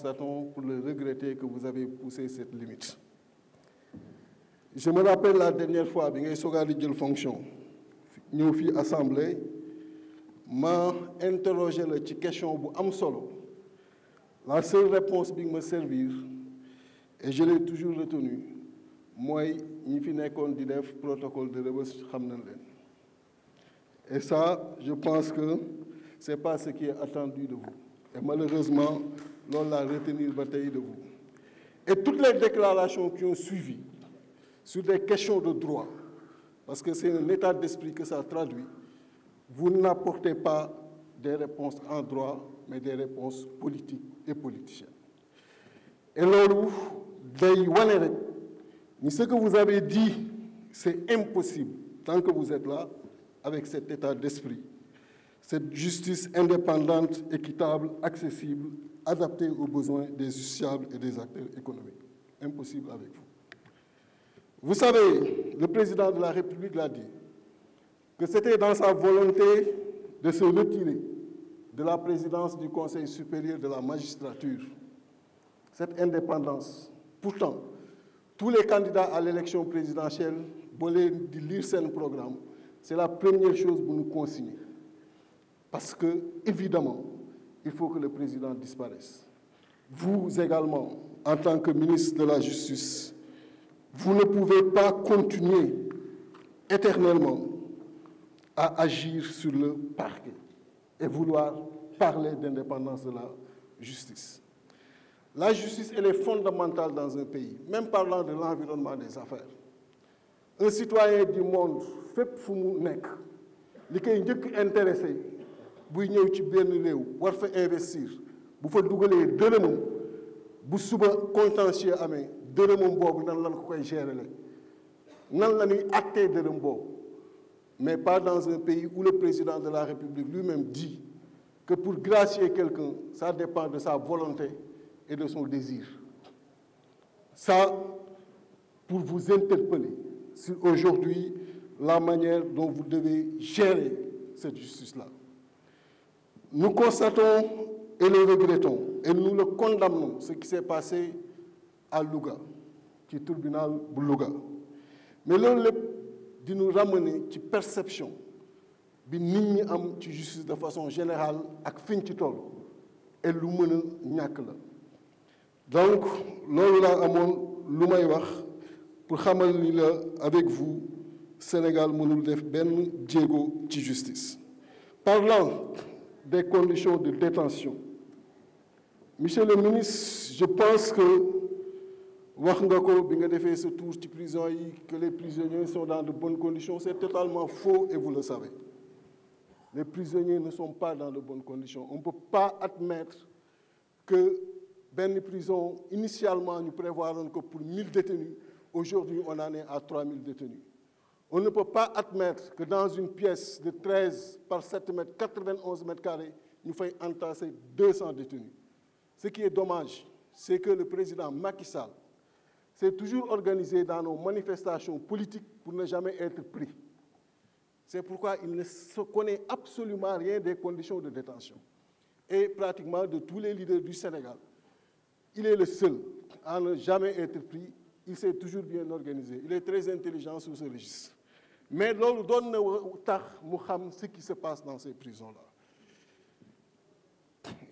pour le regretter que vous avez poussé cette limite. Je me rappelle la dernière fois, bi ngay suis allé fonction ñëw fii assemblée ma interrogé la question bu am la seule réponse qui me ma servir et je l'ai toujours retenu Moi, ñi fi pas di le protocole de Rebeuss et ça je pense que ce n'est pas ce qui est attendu de vous. Et malheureusement, l'on l'a retenu bataille de vous. Et toutes les déclarations qui ont suivi sur des questions de droit, parce que c'est un état d'esprit que ça traduit, vous n'apportez pas des réponses en droit, mais des réponses politiques et politiciennes. Et ni ce que vous avez dit, c'est impossible tant que vous êtes là avec cet état d'esprit. Cette justice indépendante, équitable, accessible, adaptée aux besoins des justiciables et des acteurs économiques. Impossible avec vous. Vous savez, le président de la République l'a dit, que c'était dans sa volonté de se retirer de la présidence du Conseil supérieur de la magistrature. Cette indépendance, pourtant, tous les candidats à l'élection présidentielle voulaient lire ce programme. C'est la première chose pour nous consigner. Parce que, évidemment, il faut que le président disparaisse. Vous également, en tant que ministre de la Justice, vous ne pouvez pas continuer éternellement à agir sur le parquet et vouloir parler d'indépendance de la justice. La justice, elle est fondamentale dans un pays, même parlant de l'environnement des affaires. Un citoyen du monde, fait pour nous, est intéressé buy ñëw ci benn war investir bu fa bu suba contentieux amee dërëmam boobu nan lan ko koy gérer nan mais pas dans un pays où le président de la République lui-même dit que pour gracier quelqu'un ça dépend de sa volonté et de son désir ça pour vous interpeller sur aujourd'hui la manière dont vous devez gérer cette justice-là nous constatons et le regrettons et nous le condamnons, ce qui s'est passé à Louga, qui est le tribunal de Louga. Mais là, de nous ramener à la perception de la am justice de façon générale ak fin ci tout et lu mën a la donc loolu laa amoon lu may wax pour xamal ni la avec vous Sénégal mënul def benn Diego de justice parlant des conditions de détention. Monsieur le ministre, je pense que prison que les prisonniers sont dans de bonnes conditions c'est totalement faux et vous le savez les prisonniers ne sont pas dans de bonnes conditions on ne peut pas admettre que les prison initialement nous prévoyons que pour 1000 détenus aujourd'hui on en est à 3000 détenus on ne peut pas admettre que dans une pièce de 13 par 7 mètres, 91 mètres carrés, nous faille entasser 200 détenus. Ce qui est dommage, c'est que le président Macky Sall s'est toujours organisé dans nos manifestations politiques pour ne jamais être pris. C'est pourquoi il ne se connaît absolument rien des conditions de détention. Et pratiquement de tous les leaders du Sénégal, il est le seul à ne jamais être pris. Il s'est toujours bien organisé. Il est très intelligent sur ce registre mais l'on nous ce qui se passe dans ces prisons-là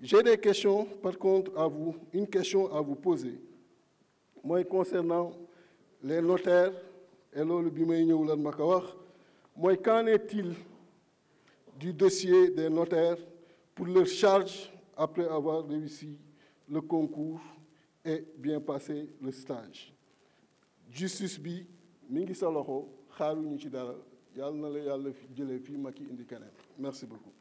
j'ai des questions par contre à vous une question à vous poser Moi, concernant les notaires et là, bi may qu'en est-il du dossier des notaires pour leur charge après avoir réussi le concours et bien passé le stage justice B, mi merci beaucoup